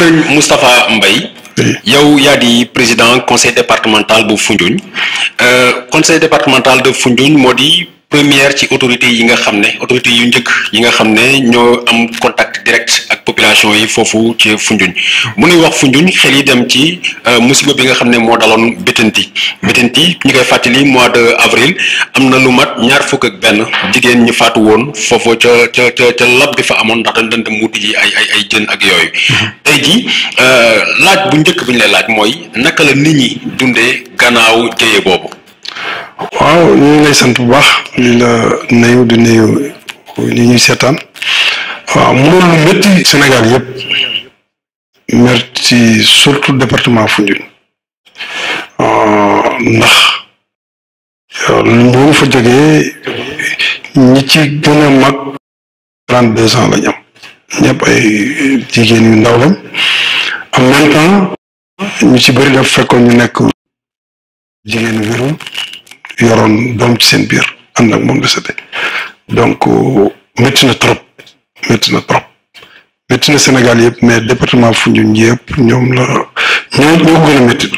Serigne Moustapha Mbaye yow du président conseil départemental bu Le euh, conseil départemental de Foundiougne modi première ci autorité yi nga xam ne autorité yu njëkk yi nga xam ne ñoo am contact direct ak population yi foofu ci funjuñ mu nuy wax funjuñ xel yi dem ci euh, musiba bi nga xam ne moo daloon Bettenty Bettenty ñu koy fàttali mois de avril am na lu mat ñaar fukk ak benn jigéen ñu faatu woon foofu ca ca ca ca lab bi fa amoon ndax dañ daan dem wuti ji ay ay ay jën ak yooyu tey ji euh, laaj bu njëkk bi ñu lay laaj mooy naka la nit ñi dundee gannaaw jëye boobu waaw ñu ngi sant bu baax li la nuyu di nuyu li ñuy seetaan waaw mu doon lu métti Sénégal yëpp merci surtout département Foundiougne ah, ndax lu fa jógee ñi ci a mag trente deux ans lañ am ñëpp ay jigéen yu ndaw lañ en même temps ñu daf fekkoon ñu nekk jigéen wéroon yoroon doom ci seen biir am ak moom décédé donc euh, métti na trop métti na trop métti na Sénégal yëpp mais département Foundiougne yëpp ñoom la ñoo ñoo gën a métti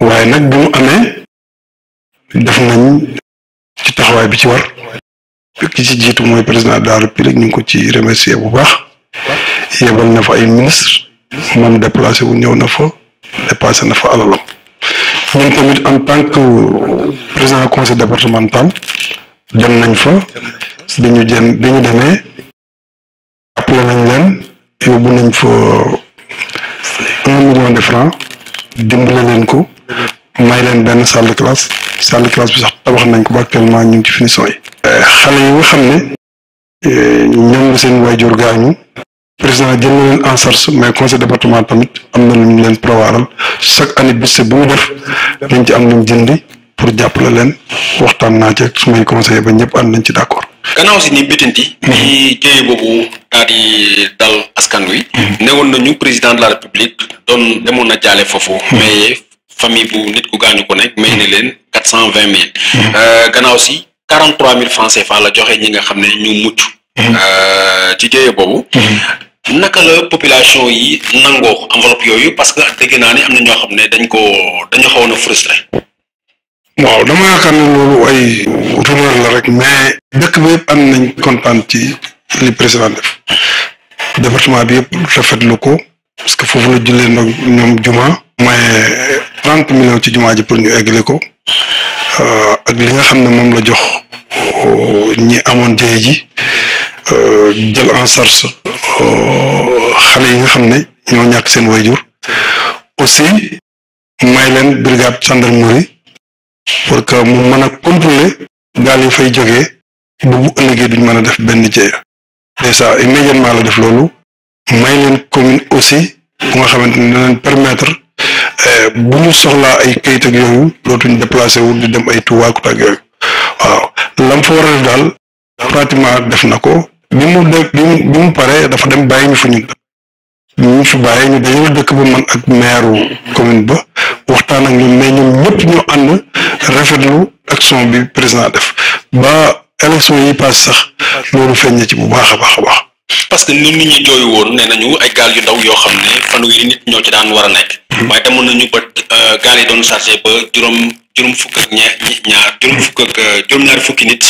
waaye nag bi mu amee def nañ ci taxawaay bi ci war ki ci jiitu mooy président de la république ñu ngi ko ci remercier bu baax yebal na fa ay ministre moom déplacé wu ñëw na fa dépassé na fa alalam ñun tamit en tant que président conseil départemental dem nañ fa bi ñu jëm bi ñu demee appelé nañ leen yóbbu nañ fa un million de francs dimbale leen ko may leen benn salle de classe salle de classe bi sax tabax nañ ko ba actuellement ñu ngi ci finition yi euh, xale yi nga xam ne euh, ñoom la seen waajur gaañu président jël na leen en charge mais conseil département tamit am na lu mu leen prévoiral chaque année bés bu mu def dañ ci am lu jëndi pour jàppale leen waxtaan naa ci su conseiller ba ñëpp and nañ ci d' accord. gannaaw si ni bitinti ni hmm. jéye boobu daal di dal askan wi. Hmm. newoon nañu président de la république doon demoon na jaale foofu. Hmm. mais famille bu nit ku gaañu ko nekk may na leen quatre cent vingt mille. Euh, gannaaw si quarante mille francs CFA la joxe ñi nga xam ne ñu mucc. Euh, ci jéye boobu. naka la population yi nangoo enveloppe yooyu parce que dégg naa ni am na ñoo xam ne dañ ko dañu xawoon a frustré. waaw dama yaakaar ne loolu ay rumeur la rek mais dëkk bi yëpp am nañ kontaan ci li président def département bi yëpp rafetlu ko parce que foofu la jullee ndox ñoom juma. mais trente millions ci jumaa ji pour ñu eggale ko euh, ak li nga xam ne moom la jox euh, ñi amoon jëye ji. jël en charge euh, xale yi nga xam ne ñoo ñàkk seen wayjur aussi may leen brigade gendarmerie pour que mu mën a contrôler gaal yi fay jógee bu bu ëllëgee duñ mën a def benn jéeya dèjà immédiatement la def loolu may leen commune aussi bu nga xamante ne dina leen permettre euh, bu ñu soxlaa ay kayit ak yooyu dootuñ déplacé wu di dem ay tuwaakut ak yooyu waaw lam fa war a def daal pratiquement def na ko bi mu dëkk bi mu bi mu paree dafa dem bàyyi ñu fa ñu ñu fi bàyyi ñu dañoo dëkk ba man ak maire commune ba waxtaan ak ñoom mais ñoom ñëpp ñu ànd rafetlu action bi président def ba élection yi paase sax loolu feeñ ci bu baax a baax a baax. parce que ñun nit ñi jooy woon nee nañu ay gaal yu ndaw yoo xam ne fanweeri nit ñoo ci daan war a nekk. Hmm. waaye demoon nañu ba euh, gaal yi doon chargé ba juróom. jurum fuk ak ñaar jurum fuk ak jurum ñaar fuk nit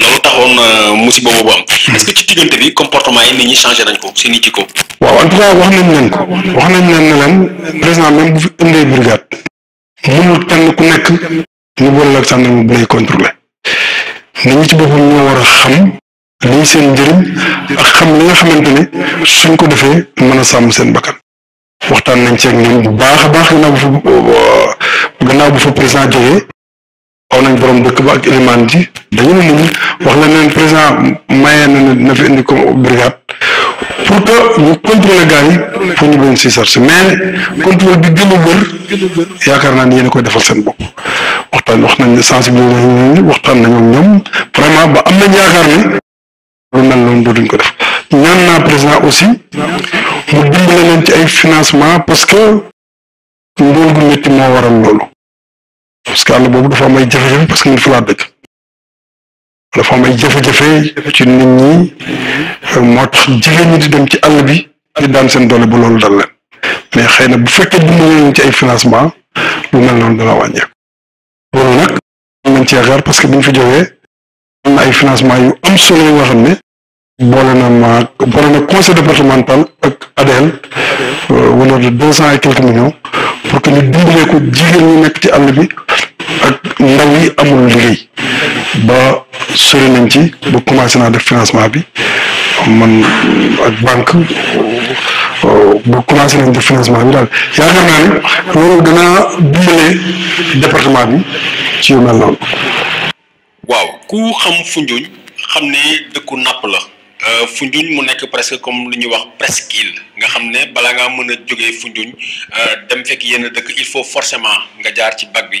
loolu taxoon eh, musiba boobu am hmm. est ce que ci diggante bi comportement yi nit ñi changé nañ ko seen ci ko waaw en tout cas wax nañ leen ko wax nañ leen ne leen président même bu fi ëndee brigade mënul tànn ku nekk ñu boole ak sànni mu lay contrôlé nit ñi ci boppam ñoo war a xam liy seen njëriñ ak xam li nga xamante ne suñ ko defee mën a sàmm seen bakkan waxtaan nañ ci ak ñoom bu baax a baax ginnaaw bu gannaaw bu fa président jógee aw nañ borom dëkk ba ak élément ji dañu ne nit wax na leen président mayee na na fi indi ko brigade pour que ñu contrôler gars yi pour ñu bañ si sarse mais contrôle bi gën a wër yaakaar naa ni yéen a koy defal seen bopp waxtaan wax nañ sensibiliser nañ ñi waxtaan nañ ak ñoom vraiment ba am nañ yaakaar ne lu mel noonu duñ ko def ñaan naa président aussi mu dimbale leen ci ay financement parce que ndóol gu métti moo waral loolu parce que àll boobu dafa am ay jafe-jafe que ñun fa laa dëkk dafa am ay jafe-jafe ci nit ñi moo tax jigéen ñi di dem ci àll bi di daan seen doole ba loolu dal leen mais xëy na bu fekkee dimbali ci ay financement lu mel noonu dana wàññeeku loolu nag ci parce que bu ñu fi jógee am ay financement yu am solo yoo xam ne boole na ma boole na conseil départemental ak ADL euh, wala de deux cent et quelques millions pour que ñu dimbalee ko jigéen ñi nekk ci àll bi. ndaw yi amul liggéey ba sori nañ ci ba commencé naa def financement bi man ak banque ba commencé nañ def financement bi daal yaakaar naa ne loolu gënaa dimbalee département bi ci yu mel noonu waaw ku xam funjuñ xam ne dëkku napp la euh, funjuñ mu nekk presque comme lu ñuy wax presqu'île nga xam ne bala ngaa mën a jógee euh, dem fekk yenn dëkk il faut forcément nga jaar ci bag bi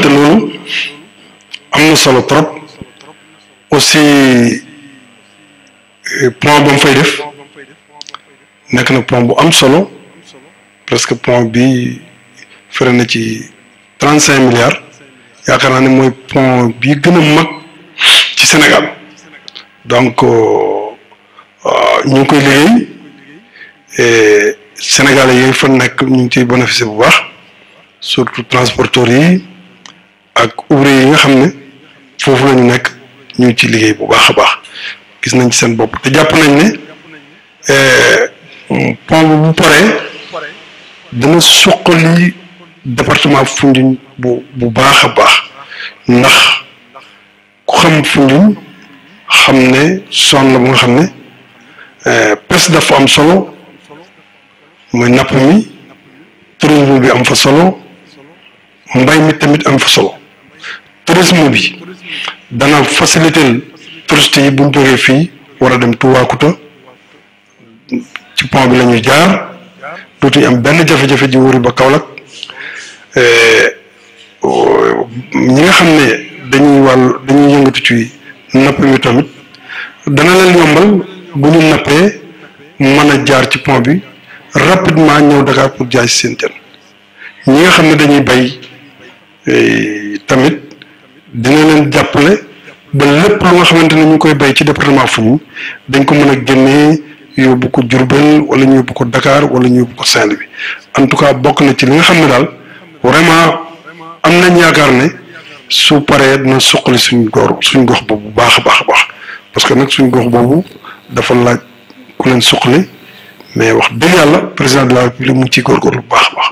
te am na solo trop aussi euh, point ba mu fay def nekk na point bu am solo presque point bi fere na ci trente cinq milliards yaakaar naa ni mooy point bi gën a mag ci Sénégal donc euh, euh, ñu ngi koy liggéey Sénégalais yooyu fa nekk ñu ngi ciy bénéficier bu baax surtout transporteurs yi ak ouvrier yi nga xam ne foofu lañu nekk ñu ngi ci liggéey bu baax a baax gis nañ ci seen bopp te jàpp nañ ne euh, pont bu pare paree dana suqali département Foundiougne bu bu baax a baax ndax ku xam Foundiougne xam ne sonn la bu nga xam ne euh, pêche dafa am solo mooy napp mi tourisme bi am fa solo mbay mi tamit am fa solo tourisme bi dana faciliter touriste yi bu ñu jógee fii war a dem Toubacouta ci pont bi la ñuy jaar dootuñu am benn jafe-jafe ji wóoru ba Kaolack eh, ñi nga xam ne dañuy wàll dañuy yëngatu ci napp yu tamit dana leen yombal bu ñu nappee mën a jaar ci pont bi rapidement ñëw Dakar pour jaay seen jën ñi nga xam ne dañuy bay eh, tamit dina leen jàppale ba lépp lu nga xamante ne ñu koy bay ci fu Foundiougne dañ ko mën a génnee yóbbu ko Diourbel wala ñu yóbbu ko Dakar wala ñu yóbbu ko saint bi en tout cas bokk na ci li nga xam ne daal vraiment am nañ yaakaar ne su paree dina suqali suñ goor suñ gox boobu baax a baax a baax parce que nag suñ gox boobu dafa laaj ku leen suqali mais wax dëgg yàlla président de la république mu ciy góorgóorlu bu baax baax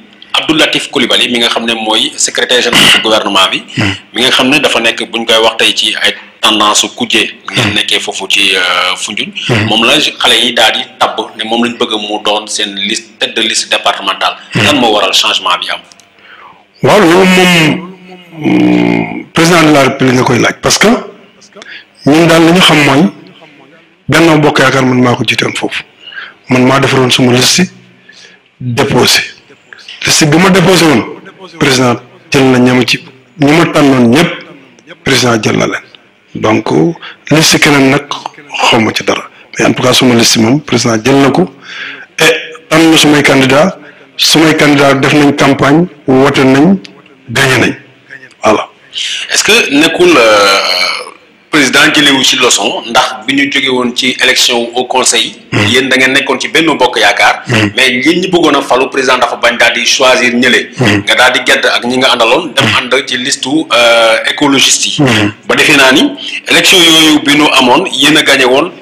Abdou Latif Coulibaly mi nga xam ne mooy secrétaire général du gouvernement bi. Hmm. mi nga xam ne dafa nekk buñ koy wax tey ci ay tendance kujje. Hmm. ngeen nekkee foofu ci euh, Foundiougne. Hmm. moom la xale yi daal di tabb ne moom lañ bëgg mu doon seen liste tête de liste départementale. lan moo waral changement bi am. waaw moom président la république nga koy laaj parce que ñun daal li ñu xam mooy Benno Bokk Yaakaar man maa ko jiitoon foofu man maa defaroon suma liste déposé. liste bi ma déposé woon président jël na ñamu ci ñi ma tànnoon ñëpp président jël na leen donc si keneen nag xaw ma ci dara mais en tout cas suma liste moom président jël na ko et tànn na sumay candidat sumay candidat def nañ campagne wote nañ gagné nañ voilà. est-ce que nekkul. Euh, président jëlewu ci leçon ndax bi ñu jóge ci élection au conseil hmm. yéen dangeen nekkoon ci benn bokk yaakaar hmm. mais yéen ñi bëggoon a falu président dafa bañ daal di choisir ñële hmm. nga daal di gedd ak ñi nga àndaloon dem ànd ci listu euh, écologiste yi ba defee naa ni élection yooyu bi ñu amoon yéen a gañe woon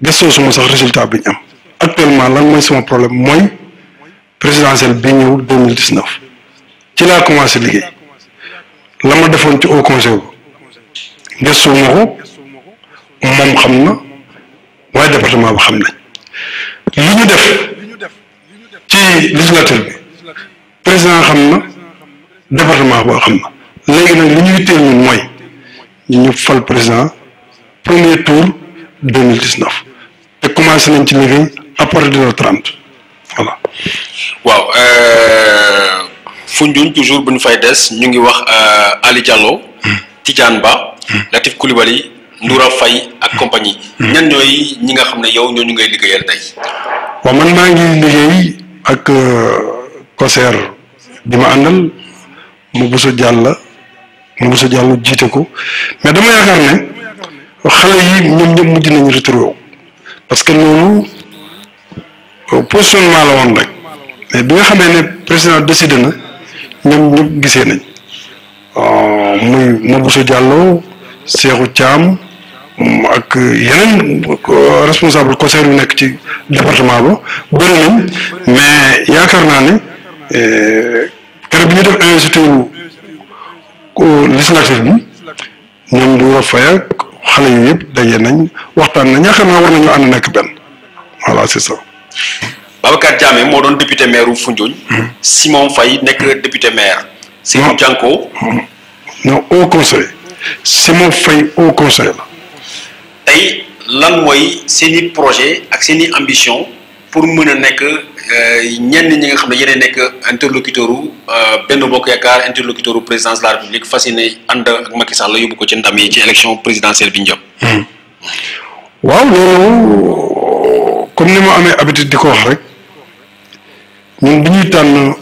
gëstoo suma sax résultat bi ñu am actuellement lan mooy sama problème mooy présidentielle bi ñëw 2019 mille dix neuf ci laa commencé liggéey la ma defoon ci au conseil bu gëstoo ma ko moom xam na waaye département bi xam nañ li ñu def ci législature bi président xam na département boo xam na léegi nag li ñuy teel ñun mooy ñu ñu fal président premier tour 2019 te commencé nañ ci liggéey à partir de 30 voilà waaw euh funjuñ toujours buñ fay dess ñu ngi wax euh, Ali Diallo hmm. Tidiane Ba hmm. Latif Koulibaly Ndoura Fay ak hmm. compagnie ñan ñoy ñi nga xamne yow ñoo ñu ngay liggéeyal tay wa man ma ngi liggéey ak euh, concert bi ma andal mu busu jalla mu busu jallu jité ko mais dama yaakar ne xalé yi ñoom ñom mujj nañu retrouver parce que loolu positionnement la woon rek bi nga xamee ne président décidé na ñoom ñëpp gisee nañ euh, muy Mabousso Diallo Cheikhou Thiam ak yeneen euh, responsable conseil yu nekk ci département ba bëri mais yaakaar naa ne euh, keroog bi ñu def institut wu bi ñoom du war ak xale yooyu yëpp daje nañ waxtaan nañ yaakaar naa war nañu ànd nekk benn voilà c'est ça. Babacar Diamé mo doon député maire wu Foundiougne. Hmm. Simon fay nek député maire. Simon Dianko. Hmm. non au conseil. Simon fay au conseil la. lan mooy seen projet ak seen ambition pour mën nek Euh, ñenn ñi nga xam ne yene nekk interlocuteur euh, benn bokk yaakaar interlocuteur présidence de la république fasine ànd ak Macky Sall yóbbu ko ci ndam yi ci élection présidentielle bi njëm hmm. waaw loolu comme ni ma amee habitude di ko wax rek ñun bi ñuy tànn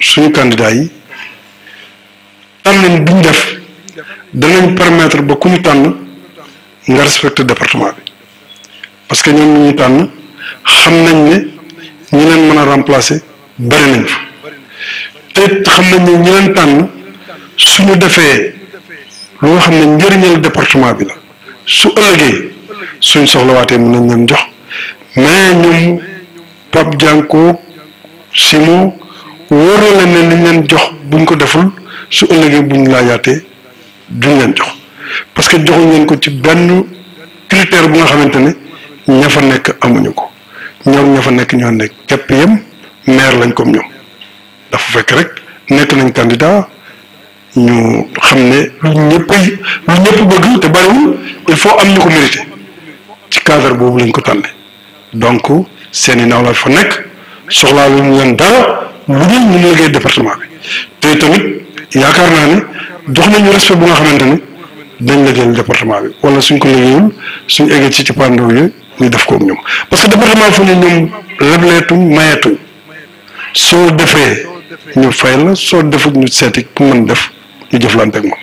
suñu candidat yi tànn bi ñu def danañ permettre ba ku ñu tànn nga département bi parce que ñoom ñu tànn xam nañ ne ñi leen mën a remplacer bari nañ fa te xam nañ ne ñi leen tànn suñu defee lu nga xam ne njëriñal département bi la su ëllëgee suñ soxlawaatee mën nañ leen jox mais ñoom pap janko simo wóor na leen ne liñ leen jox buñ ko deful su ëllëgee buñ laajaatee duñ leen jox parce que joxuñ leen ko ci benn critère bu nga xamante ne ña fa nekk amuñu ko ñoom ñoo fa nekk ñoo nekk képp yem maire lañ comme ñoom dafa fekk rek nekk nañ candidat ñu xam ne lu ñëpp lu ñëpp bëgg te bariwul il faut am ñu ko mérité ci cadre boobu lañ ko tànne donc seeni naaw la fa nekk soxlaa lu ñu leen dara lu dul ñu liggéey département bi te tamit yaakaar naa ne dox nañu respect bu nga xamante ni dañ liggéeyal département bi walla suñ ko liggéeyul suñ eggee ci ci pandow yooyu ñu def ko ñoom parce que département fu ñu ñoom lebleetuñ mayeetuñ soo defee ñu fay la soo defut ñu seeti ku mën def ñu jëflante moom.